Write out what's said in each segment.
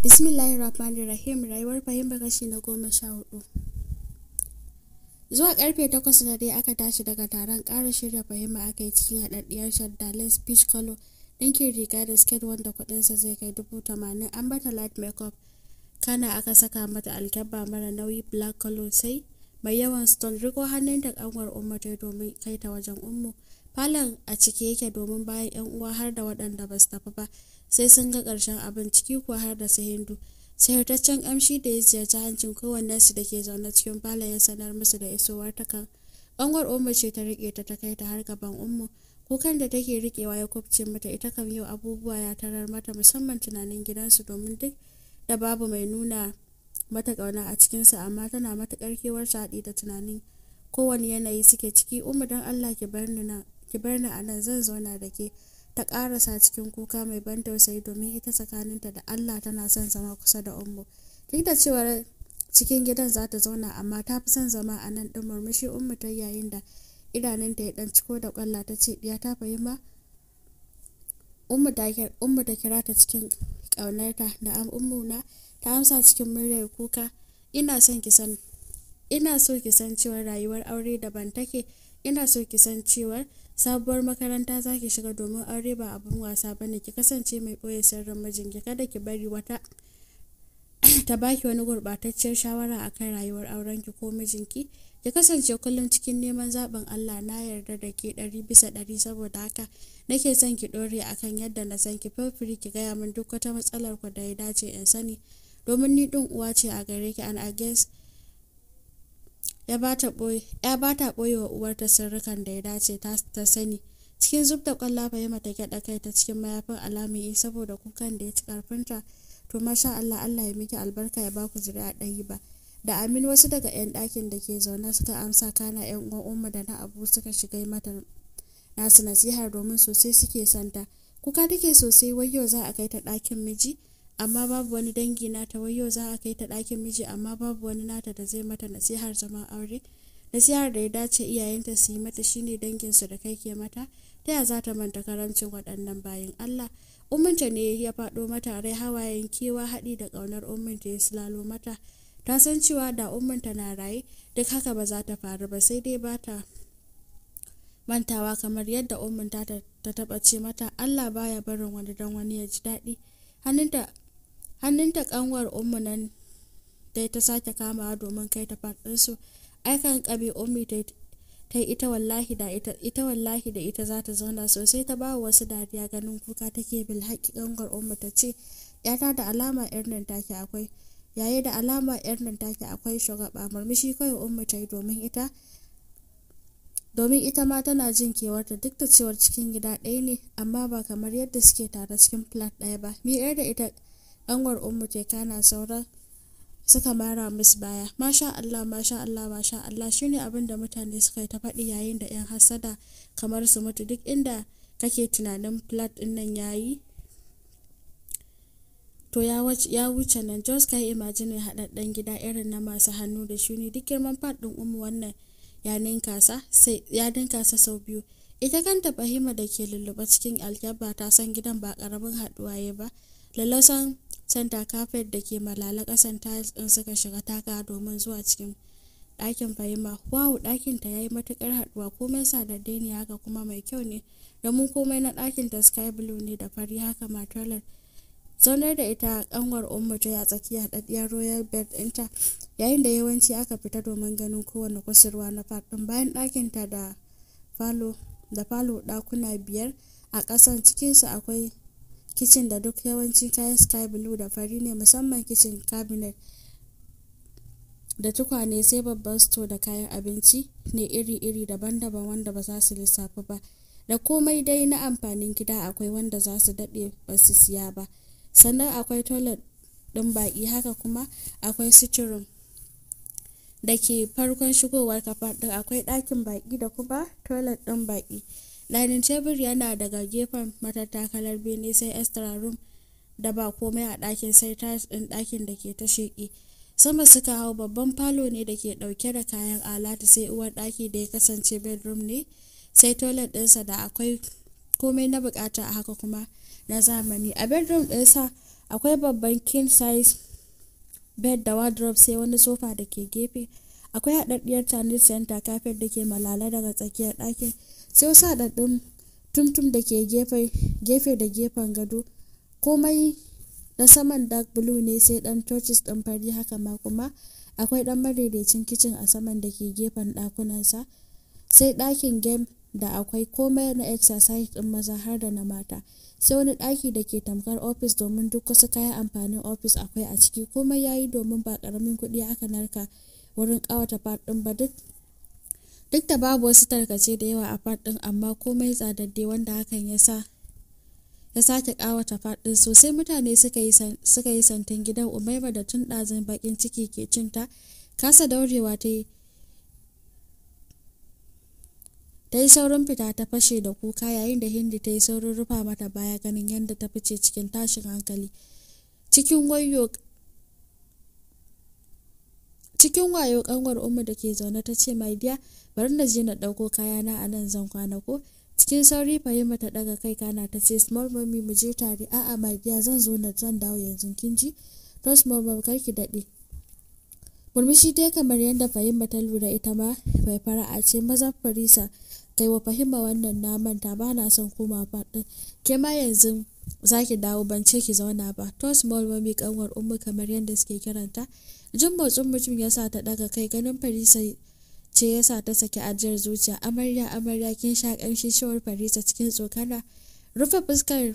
Bismillahir Rahmanir Rahim rayuwar fahimba kashi na goma sha hudu. Zuwa karfe takwas da dai aka tashi daga taron ƙara shirya fahimma aka yi cikin haɗaɗɗiyar shadda Les Peach Color ɗinkin riga da sket wanda kuɗinsa zai kai dubu tamanin an bata light makeup kana aka saka mata alkyabba mara nauyi black colo sai mai yawan stone riko hannun da kanwar umma ta domin kai ta wajen ummu falon a ciki yake domin bayan yan uwa har da waɗanda ba su tafi ba sai sun ga ƙarshen abin ciki ko har da su hindu sayartaccen kamshi da ya ziyarci hancin su da ke zaune cikin falon ya sanar musu da isowar ta kan kanwar umma ce ta riƙe ta ta kai ta har gaban ummu kukan da take riƙewa ya kubce mata ita kan yau abubuwa ya tarar mata musamman tunanin gidansu domin duk da babu mai nuna mata ƙauna a cikinsa amma tana matuƙar kewar shadi da tunanin kowane yanayi suke ciki umu don allah ki bar ni a nan zan zauna da ke ta karasa cikin kuka mai ban tausayi domin ita tsakaninta da allah tana son zama kusa da umu duk da cewar cikin gidan za ta zauna amma ta fi son zama a nan ɗin murmushi umu ta yayin da idanunta ya ɗan ciko da kwalla ta ce ya ta fahimta umu ta kira ta cikin ƙaunarta da ummu na ta amsa cikin muryar kuka ina son ki san ina so ki san cewa rayuwar aure daban take ina so ki san cewa sabuwar makaranta za ki shiga domin aure ba abin wasa ba ne ki kasance mai boye sirrin mijinki kada ki bari wata ta baki wani gurɓatacciyar shawara akan rayuwar auren ki ko mijinki ki kasance kullum cikin neman zaɓin Allah na yarda da ke ɗari bisa ɗari saboda haka nake son ki ɗore akan yadda na san ki feel ki gaya min duk wata matsalar ku da ya dace in sani domin ni ɗin uwa ce a gare ki and I ya ba ta ɓoye wa uwarta sirrukan da ya dace ta sani cikin zub da ƙwalla fahima ta gyaɗa kai ta cikin mayafin alami saboda kukan da ya ci ƙarfinta to masha Allah Allah ya miki albarka ya baku zuri'a ɗayi ba da amin wasu daga 'yan ɗakin da ke zaune suka amsa kana 'yan uwan umma da na abu suka shiga mata nasu nasihar domin sosai suke santa kuka take sosai wayyo za a kai ta ɗakin miji amma babu wani dangi nata wai yau za a kai ta ɗakin miji amma babu wani nata da zai mata nasihar zama aure nasihar da ya dace iyayenta su yi mata shine danginsu da kai ke mata ta ya za ta manta karancin waɗannan bayan allah umminta ne ya faɗo mata rai hawayen kewa haɗi da ƙaunar umminta ya silalo mata ta san cewa da umminta na raye duk haka ba za ta faru ba sai dai ba ta mantawa kamar yadda umminta ta taɓa ce mata allah baya barin wani don wani ya ji daɗi hannunta hannunta kanwar ummu nan dai ta sake kamawa domin kai ta faɗinsu aikan ƙabi ummi ta ita wallahi da ita ita wallahi da ita za ta zauna sosai ta ba wasu dariya ganin kuka take bil haƙi kanwar ummu ta ce yata da alama yar nan take akwai yayi da alama yar nan take akwai shugaba murmushi kawai ummu ta yi domin ita domin ita ma tana jin kewarta duk da cewar cikin gida ɗaya ne amma ba kamar yadda suke tare cikin flat ɗaya ba miyar da ita ƙanwar umu ce kana sauran suka mara musu baya masha Allah masha Allah masha Allah shine abin da mutane suka yi ta faɗi yayin da 'yan hasada kamar su mutu duk inda kake tunanin flat din nan yayi to ya wuce nan jos ka yi imajinin haɗaɗɗen gida irin na masu hannu da shuni duk girman fat ɗin umu wannan ya ninka sa sau biyu ita kanta fahima da ke lulluɓa cikin alkyabba ta san gidan ba ƙaramin haɗuwa ya ba lalausan sanda kafet da ke malala kasan tiles ɗin suka shiga taka domin zuwa cikin ɗakin fahimma wow ɗakin ta yayi matukar haduwa komai sadadde ne haka kuma mai kyau ne da mu komai na ɗakin ta sky blue ne da fari haka matsalar zaunar da ita kanwar umma ta a tsakiya haɗaɗɗiyar royal bed ɗinta yayin da yawanci aka fita domin ganin kowane kusurwa na faɗin bayan ɗakin ta da falo da falo ɗakuna biyar a ƙasan cikinsu akwai kicin da duk yawancin kayan sky blue da fari ne musamman kicin cabinet da tukwane sai babban store da kayan abinci ne iri-iri daban-daban wanda ba za su lissafi ba da komai dai na amfanin gida akwai wanda za su daɗe ba su siya ba sannan akwai toilet ɗin baƙi haka kuma akwai sitirin da ke farkon shigowar kafar ɗin akwai ɗakin baƙi da kuma toilet ɗin baƙi dining tebur yana daga gefen matattakalar bene sai extra room da ba komai a ɗakin sai tiles ɗin ɗakin da ke ta sheƙi sama suka hau babban falo ne da ke ɗauke da kayan alatu sai uwar ɗaki da ya kasance bedroom ne sai toilet ɗinsa da akwai komai na bukata a haka kuma na zamani a bedroom ɗinsa akwai babban king size bed da wardrobe sai wani sofa da ke gefe akwai haɗaɗɗiyar chinese center kafin da ke malala daga tsakiyar ɗakin sai wasu haɗaɗɗun tumtum da ke gefe da gefen gado komai na saman dark blue ne sai ɗan torches ɗin fari haka ma kuma akwai ɗan madaidaicin kicin a saman da ke gefen ɗakunansa sai ɗakin game da akwai komai na exercise ɗin maza har da na mata sai wani ɗaki da ke tamkar ofis domin duk wasu kayan amfanin ofis akwai a ciki komai ya yi domin ba ƙaramin kuɗi aka narka wurin kawata faɗin ba duk duk da babu wasu tarkace da yawa a faɗin amma komai tsadadde wanda hakan ya sa ya sake ƙawata faɗin sosai mutane suka yi santin gidan umaima da tun ɗazin bakin ciki ke cinta kasa daurewa ta yi ta yi saurin fita ta fashe da kuka yayin da hindi ta yi saurin rufa mata baya ganin yadda ta fice cikin tashin hankali cikin wayo cikin wayo kanwar umma da ke zaune ta ce mai biya bari na je na ɗauko kayana a nan zan kwana ko cikin sauri fahima ta daga kai kana ta ce small mommy mu je tare a'a mai biya zan zo na zan dawo yanzu kin ji to small mom kar ki daɗe murmushi dai kamar yadda fahima ta lura ita ma bai fara'a ce maza farisa kai wa fahima wannan na manta ba na son koma faɗin ke ma yanzu za ki dawo bance ki zauna ba to small mami kanwar ummu kamar yadda suke kiranta jin motsin mutum ya sa ta daga kai ganin farisa ce ya sa ta saki ajiyar zuciya amarya amarya kin sha kanshi shawar farisa cikin tsokana rufe fuskar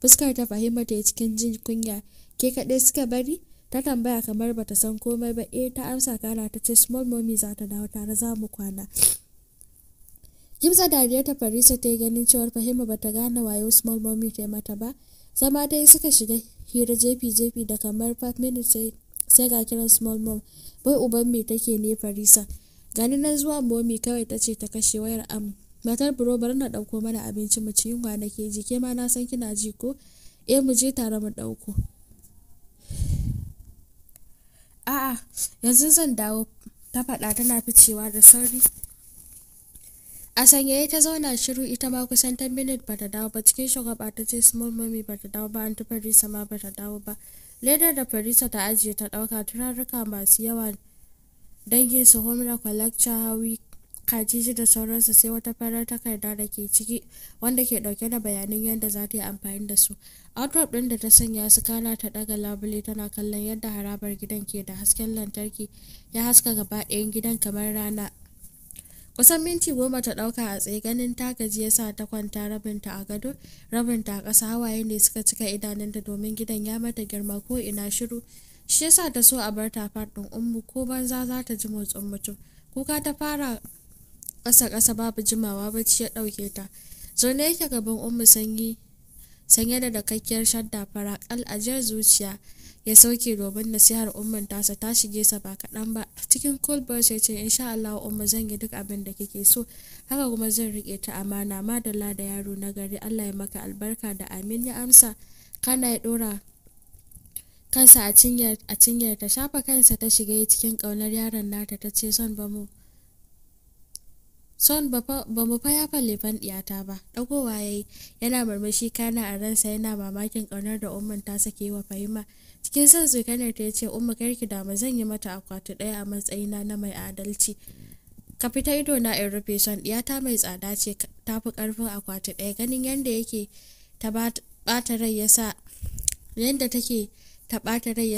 fuskar ta fahimta ta cikin jin kunya ke kaɗai suka bari ta tambaya kamar bata san komai ba eh ta amsa kana ta ce small mommy za ta dawo tare za mu kwana Gimza dariyarta ta Farisa ta yi ganin cewar Fahima bata gane wayo Small Mommy ta mata ba. Zama dai suka shiga hira jefi-jefi da kamar 5 minutes sai ga kiran Small Mom. Bai uban me take ne Farisa. Gani nan zuwa Mommy kawai ta ce ta kashe wayar am. Matar buro bari na ɗauko mana abinci mu ci yunwa ke ji ke ma na san kina ji ko? e mu je tare mu ɗauko. A'a yanzu zan dawo ta faɗa tana ficewa da sauri. a sanyaye ta zauna shiru ita ma kusan 10 minit ba ta dawo ba cikin shugaba ta ce small mummy ba ta dawo ba an farisa ma ba ta dawo ba ledar da farisa ta ajiye ta dauka turaruka masu yawa dangin su homra kwalakca hawi kajiji da sauransu sai wata farar takarda da ke ciki wanda ke dauke da bayanin yadda za ta yi amfani da su outdoor din da ta sanya su kana ta daga labule tana kallon yadda harabar gidan ke da hasken lantarki ya haska gaba ɗayan gidan kamar rana kusan minti goma ta ɗauka a tsaye ganin ta gaji ya sa ta kwanta rabinta a gado rabinta a ƙasa hawaye ne suka cika idanunta domin gidan ya mata girma ko ina shiru shi yasa ta so a bar ta faɗin ummu ko banza za ta ji motsin mutum kuka ta fara ƙasa ƙasa babu jimawa bacci ya ɗauke ta zaune yake gaban ummu sanyi sanye da dakakkiyar shadda fara kal ajiyar zuciya ya sauke domin nasihar umman tasa ta shige sa ba kaɗan ba cikin cold burst ya ce insha Allah umma zan yi duk abin da kike so haka kuma zan rike ta amana madalla da yaro na gari Allah ya maka albarka da amin ya amsa kana ya dora kansa a cinyar ta shafa kansa ta shiga cikin ƙaunar yaron nata ta ce son ba mu son ba mu fa ya falle diyata ba dagowa yayi yana murmushi kana a ransa yana mamakin ƙaunar da umman ta sake wa fahima cikin son tsokanar ta yace umma karki da ma zan yi mata akwati ɗaya a matsayina na mai adalci ka fita ido na in rufe son diyata mai tsada ce ta fi karfin akwati daya ganin yanda yake ta bata rai yasa yanda take ta ɓata rai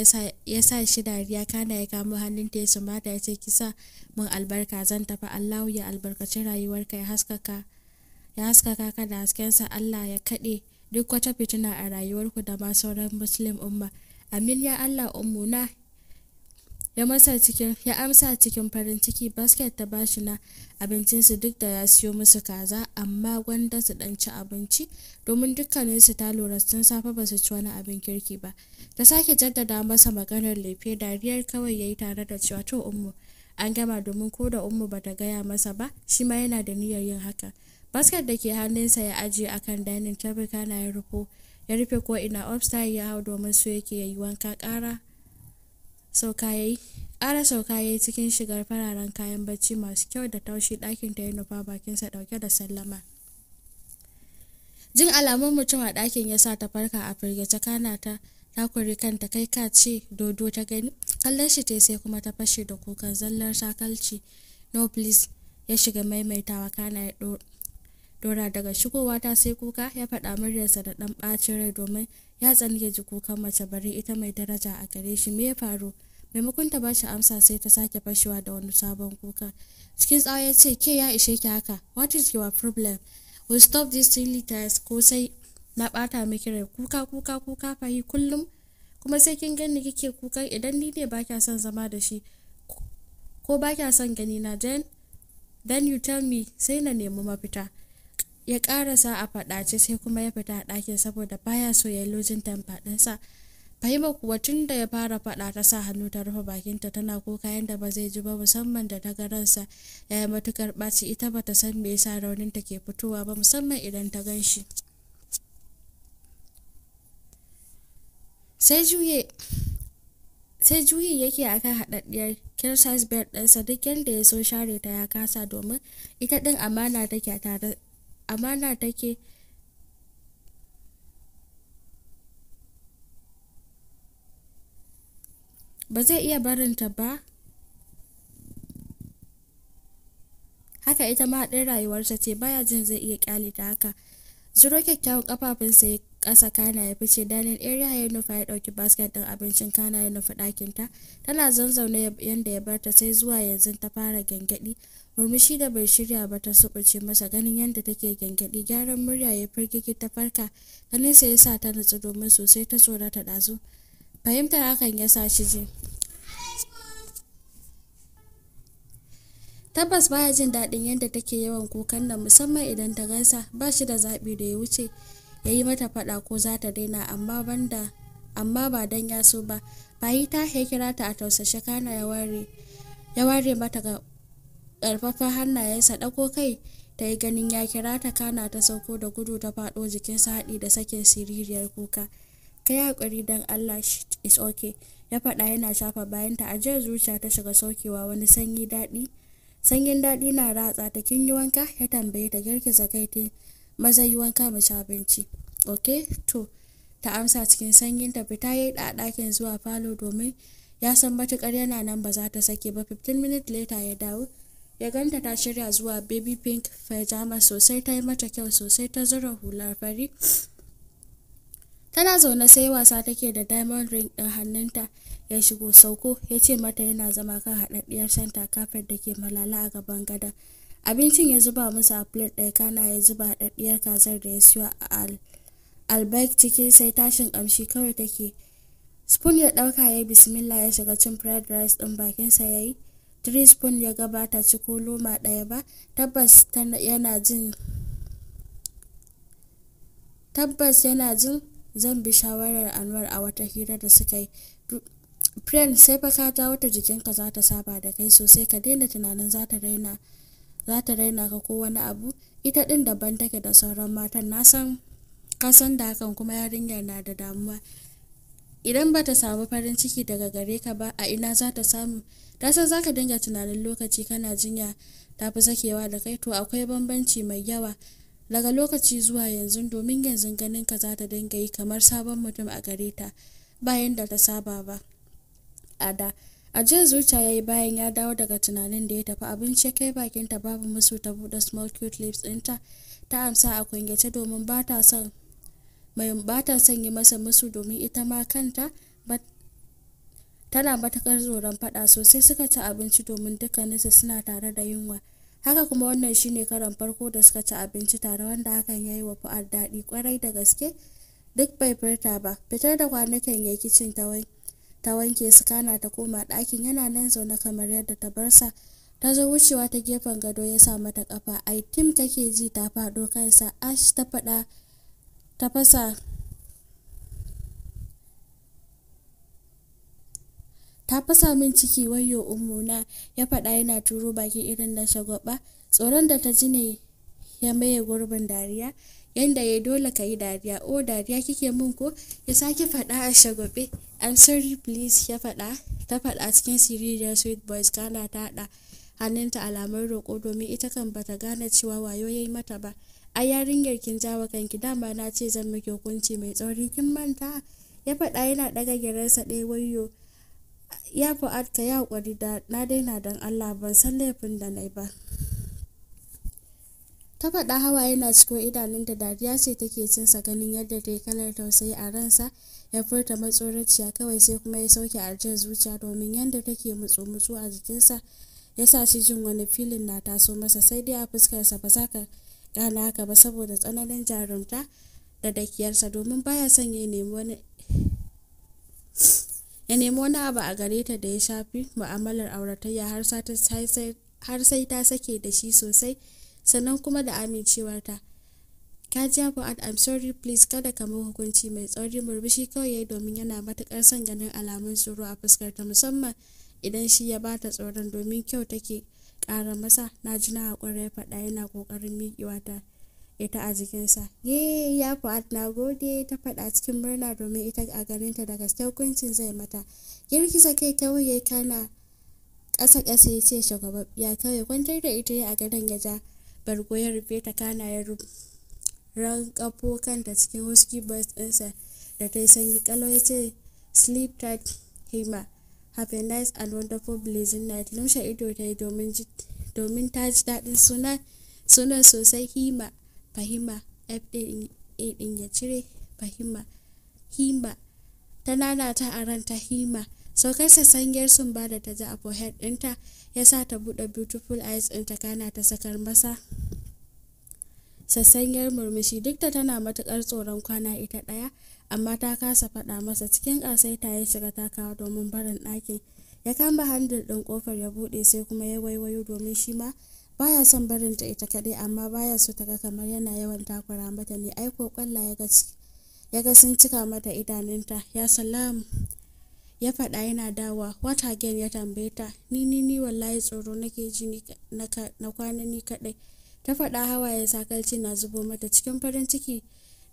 ya sa shi dariya kana ya kamo hannunta ya mata ya ce kisa mun albarka zan tafi allahu ya albarkaci rayuwarka ya haskaka ya haskaka ka da haskensa allah ya kaɗe duk wata fitina a rayuwarku da ma sauran muslim umma amin ya allah ummuna ya masa cikin ya amsa cikin farin ciki basket ta bashi na abincinsu duk da ya siyo musu kaza amma gwanda su dan ci abinci domin dukkaninsu ta lura sun safe ba su ci wani abin kirki ba ta sake jaddada masa maganar lefe dariyar kawai yayi tare da cewa to ummu an gama domin ko da ummu bata gaya masa ba shi ma yana da niyyar yin haka basket da ke hannunsa ya ajiye akan dining table kana ya ya rufe ko ina upstairs ya hau domin su yake yayi wanka kara sauka ƙara sauka cikin shigar fararen kayan bacci masu kyau da taushi ɗakin ta yi nufa bakin sa ɗauke da sallama jin alamun mutum a ɗakin ya sa ta farka a firgice kana ta takuri kanta kai ka ce dodo ta gani kallon shi te sai kuma ta fashe da kukan zallar sakalci no please ya shiga maimaitawa kana ya dora daga shigowa ta sai kuka ya faɗa muryarsa da ɗan ɓacin rai domin ya tsani ya ji kukan mace bari ita mai daraja a gare shi me ya faru maimakon ta bashi amsa sai ta sake fashewa da wani sabon kuka cikin tsawo ya ce ke ya ishe ki haka what is your problem we stop this silly task ko sai na bata miki rai kuka kuka kuka fahi kullum kuma sai kin gani kike kuka idan ni ne ba son zama da shi ko ba son gani na then then you tell me sai na nemi mafita ya karasa a faɗace sai kuma ya fita a ɗakin saboda baya so ya yi lojin tamfaɗinsa fahima kuwa tun da ya fara faɗa ta sa hannu ta rufe bakinta tana kuka yadda ba zai ji ba musamman da ta ga ransa ya yi matukar ɓaci ita ba ta san me yasa raunin ta ke fitowa ba musamman idan ta gan shi sai juye sai juyi yake a kan haɗaɗɗiyar kirsas bear ɗinsa duk yadda ya so share ta ya kasa domin ita ɗin amana take tare amana take ba zai iya barinta ba haka ita ma haɗin rayuwarsa ce baya jin zai iya kyale ta haka zuro kyakkyawan kafafunsa ya ƙasa kana ya fice danin area ya nufa ya ɗauki basket ɗin abincin kana ya nufa ɗakinta tana zanzaune yadda ya barta sai zuwa yanzu ta fara gyangyaɗi murmushi da bai shirya ba ta subuce masa ganin yadda take gyangyaɗi gyaran murya ya firgigi ta farka ganin sa yasa ta nutsu domin sosai ta tsora ta ɗazu fahimtar hakan ya sa shi ji tabbas baya jin daɗin yadda take yawan kukan da musamman idan ta gansa ba shi da zaɓi da ya wuce ya yi mata faɗa ko za ta daina amma banda amma ba dan ya so ba bayi ta ya ta a tausashe kana ya ware ya ware mata ƙarfafa hannayensa dako kai ta yi ganin ya kira ta kana ta sauko da gudu ta faɗo jikin haɗi da sakin siririyar kuka kai haƙuri don allah is okay ya faɗa yana shafa bayanta a jiyar zuciya ta shiga saukewa wani sanyi daɗi sanyin daɗi na ratsa ta kin yi wanka ya tambaye ta girgiza kai ta maza yi wanka mu ci abinci ok to ta amsa cikin sanyin ta fita ya a ɗakin zuwa falo domin ya san matukar yana nan ba za ta sake ba 15 minutes later ya dawo ya ganta ta shirya zuwa baby pink pajama sosai ta yi mata kyau sosai ta zura hular fari tana zaune sai wasa take da diamond ring ɗin hannunta ya shigo sauko ya ce mata yana zama kan haɗaɗɗiyar santa kafin da ke malala a gaban gada abincin ya zuba musu a plate ɗaya kana ya zuba haɗaɗɗiyar kazar da ya siyo a albaik cikin sai tashin ƙamshi kawai take spoon ya ɗauka ya bismillah ya shiga cin fried rice ɗin bakinsa ya yi Trisbon ya gabata ci loma ɗaya ba, tabbas yana jin tabbas yana jin zan bi shawarar Anwar a wata hira da suka yi. Friend sai fa ka ja wata jikinka za ta saba da kai sosai ka daina tunanin za ta raina ka ko wani abu ita din daban take da sauran matan na san kasan da hakan kuma yarinyar na da damuwa idan ba ta samu farin ciki daga gare ka ba a ina za ta samu ta san za ka dinga tunanin lokaci kana jinya ta fi sakewa da kai to akwai bambanci mai yawa daga lokaci zuwa yanzu domin yanzu ganin ka za ta dinga yi kamar sabon mutum a gare ta bayan da ta saba ba a da a ajiyar zuciya ya yi bayan ya dawo daga tunanin da ya tafi abinci kai bakinta babu musu ta buɗe small cute lips ɗinta ta amsa a kungiyace domin ba ta son mai ba ta son yi masa musu domin ita ma kanta tana matakar tsoron faɗa sosai suka ci abinci domin dukkaninsu suna tare da yunwa haka kuma wannan shine karan farko da suka ci abinci tare wanda hakan ya yi wa fa'ar daɗi kwarai da gaske duk bai furta ba fitar da kwanakin ya kicin ta wanke su kana ta koma ɗakin yana nan zaune kamar yadda ta bar sa ta zo wucewa ta gefen gado ya sa mata kafa ai tim kake ji ta faɗo kansa ash ta faɗa ta fasa ta fasa min ciki wayo ummuna ya faɗa yana turo baki irin na shagwaba tsoron da ta ji ne ya maye gurbin dariya yanda ya dole ka yi dariya o dariya kike min ko ya sake faɗa a shagwabe i'm sorry please ya faɗa ta faɗa cikin siririyar sweet boys kana ta haɗa hannunta alamar roƙo domin ita kan bata gane cewa wayo ya yi mata ba a yarinyar kin jawo kanki dama na ce zan miki hukunci mai tsauri kin manta ya faɗa yana daga gyararsa ɗaya wayo ya fa'ad ka ya ƙwari da na daina don allah ban san laifin da nai ba ta faɗa hawa yana cikin da dariya ce take sa ganin yadda ta yi kalar tausayi a ransa ya furta matsoraciya kawai sai kuma ya sauke arjiyar zuciya domin yadda take mutsu-mutsu a jikinsa ya sa shi jin wani filin na taso masa sai dai a fuskarsa ba za ka kana haka ba saboda tsananin jarumta da dakiyarsa domin baya son ya nemi wani ya nemi wani abu a gare ta da ya shafi mu'amalar auratayya har sai ta sake da shi sosai sannan kuma da amincewarta ka abu fuad i'm sorry please kada ka mu hukunci mai tsauri murmushi kawai ya yi domin yana matukar son ganin alamun tsoro a fuskarta musamman idan shi ya bata tsoron domin kyau take ƙara masa na ji na haƙura ya faɗa yana ƙoƙarin miƙewa ta ita a jikinsa ye ya fa'ad na gode ta faɗa cikin murna domin ita a ganinta da gaske hukuncin zai mata girgiza kai kawai ya kana ƙasa ƙasa ya ce ya kawai kwantar da ita ya a gadon ya ja bargo ya rufe ta kana ya rankafo kanta cikin husky bus ɗinsa da ta yi sanyi kalo ya ce sleep tight hima have a nice and wonderful blazing night lumshe ido ta yi domin ta ji daɗin sunan sunan sosai hima fahima f ya cire fahima hima ta nanata a ranta hima saukarsa sangiyar sun ba da ta ji a forehead ɗinta ya sa ta buɗe beautiful eyes ɗinta kana ta sakar masa sassanyar murmushi duk da tana matuƙar tsoron kwana ita ɗaya amma ta kasa faɗa masa cikin ta yi shiga takawa domin barin ɗakin ya kama handil ɗin ƙofar ya buɗe sai kuma ya waiwayo domin shi ma baya son barin ta ita kaɗai amma baya so ta ga kamar yana yawan takura mata ne ai ko ƙwalla ya ga ya ga sun cika mata idanunta ya salam ya faɗa yana dawa what again ya tambaye ta ni ni ni wallahi tsoro nake ji na kwana ni kaɗai ta faɗa hawaye sakalci na zubo mata cikin farin ciki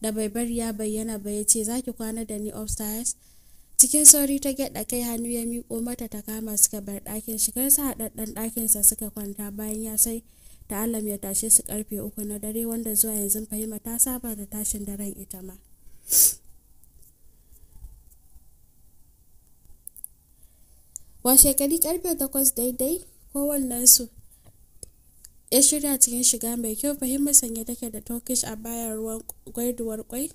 da bai bari ya bayyana ba ya ce zaki kwana da ni upstairs cikin sauri ta gyada kai hannu ya miko mata ta kama suka bar ɗakin shigar sa haɗaɗɗen sa suka kwanta bayan ya sai ta alam ya tashe su karfe uku na dare wanda zuwa yanzu fahima ta saba da tashin daren ita ma washe shekari karfe takwas daidai kowannensu ya shirya cikin shiga mai kyau fahimmar sanya take da turkish a bayan ruwan gwaiduwar kwai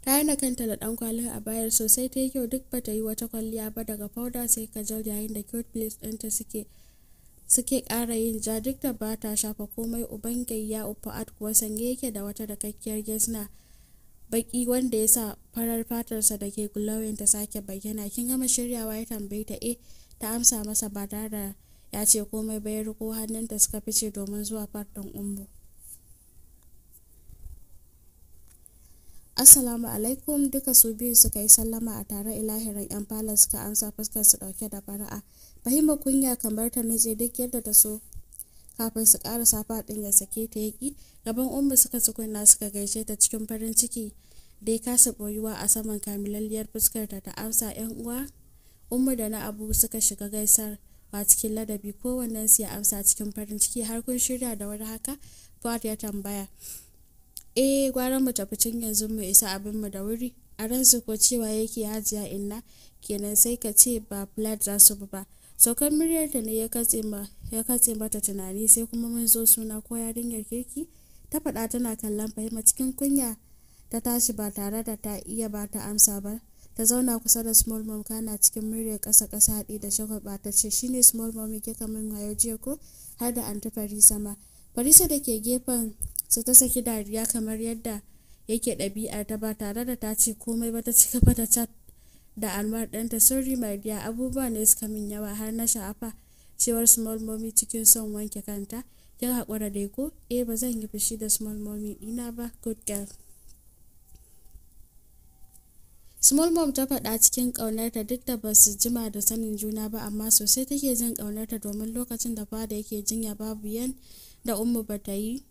ta yana kanta da dan kwalin a bayar sosai ta yi kyau duk ba ta yi wata kwalliya ba daga powder sai ka jar yayin da cute place ɗinta suke kara yin ja duk da ba ta shafa komai uban gayya ufa'at kuwa sanye yake da wata dakakkiyar gesna baki wanda ya sa farar fatarsa da ke gulawin ta sake bayyana kin gama shiryawa ya tambayi ta eh ta amsa masa ba tare da ya ce komai bai riko hannunta suka fice domin zuwa fardin umbu assalamu alaikum duka su biyu suka yi sallama a tare ilahirin yan falon suka amsa fuskar su dauke da fara'a fahimma kunya kamar ta nutse duk yadda ta so kafin su karasa ɗin ya sake ta yaki gaban umu suka tsukunna suka gaishe ta cikin farin ciki dai kasa boyuwa a saman kamilalliyar fuskar ta ta amsa yan uwa umu da na abu suka shiga gaisar ba cikin ladabi su ya amsa cikin farin ciki har kun shirya da wani haka fuad ya tambaya eh gwara mu tafi fitin yanzu mu isa abin mu da wuri a ransu ko cewa yake hajiya inna kenan sai ka ce ba blood za su ba saukar muryar ta ne ya katse mata tunani sai kuma mun zo suna ko yarinyar kirki ta faɗa tana kallon fahimta cikin kunya ta tashi ba tare da ta iya ba ta amsa ba ta zauna kusa da small mom kana cikin murya kasa kasa hadi da shagwaba ta ce shine small mom yake kamar mayo jiya ko har da anta farisa ma farisa da ke gefen su ta saki dariya kamar yadda yake ɗabi'ar ta ba tare da ta ce komai ba ta ci gaba da chat da almar ɗanta sorry my dear abubuwa ne suka min yawa har na sha'afa cewar small mommy cikin son wanke kanta kin haƙura dai ko eh ba zan yi fushi da small mommy ɗina ba good girl small mom ta faɗa cikin ƙaunarta duk da ba su jima da sanin juna ba amma sosai take jin ƙaunarta domin lokacin da fada yake jinya babu yan da ummu ba ta yi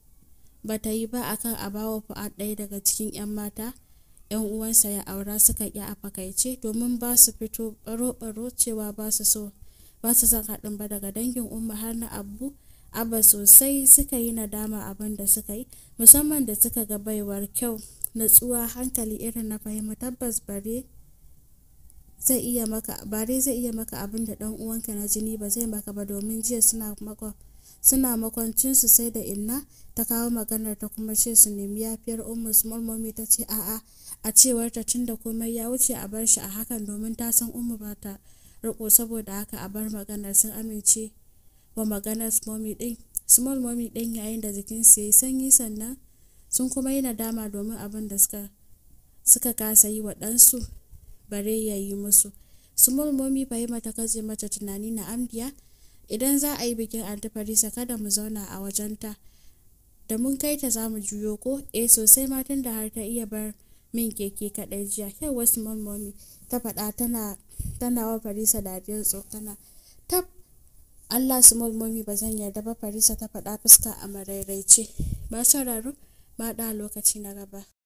ba ta yi ba akan a bawa ɗaya daga cikin 'yan mata 'yan uwansa ya aura suka ƙi a fakaice domin ba su fito baro-baro cewa ba su so ba su son haɗin ba daga dangin umma har na abu abba sosai suka yi nadama abin da suka yi musamman da suka ga baiwar kyau natsuwa hankali irin na fahimta tabbas bare zai iya maka bare zai iya maka abin da dan uwanka na jini ba zai maka ba domin jiya suna maka suna makwancin su sai da inna ta kawo maganar ta kuma ce su nemi yafiyar ummu mulmomi ta ce a'a a cewar ta tunda komai ya wuce a bar shi a hakan domin ta san ummu ba ta riko saboda haka a bar maganar sun amince wa maganar small mommy din small din yayin da jikin su yayi sanyi sannan sun kuma yi nadama domin abin da suka kasa yi wa ɗansu bare ya yi musu su mulmomi bai mata kaje mata tunani na amdiya idan za a yi bikin antifarisa kada mu zauna a wajenta da mun kai ta za mu juyo ko eh sosai matan da har ta iya bar min keke kaɗai jiya kyau wasu mulmomi ta faɗa tana wa farisa dariyar tsokana tab Allah su ba zan yarda ba farisa ta faɗa fuska a maraice ba sauraro baɗa lokaci na gaba.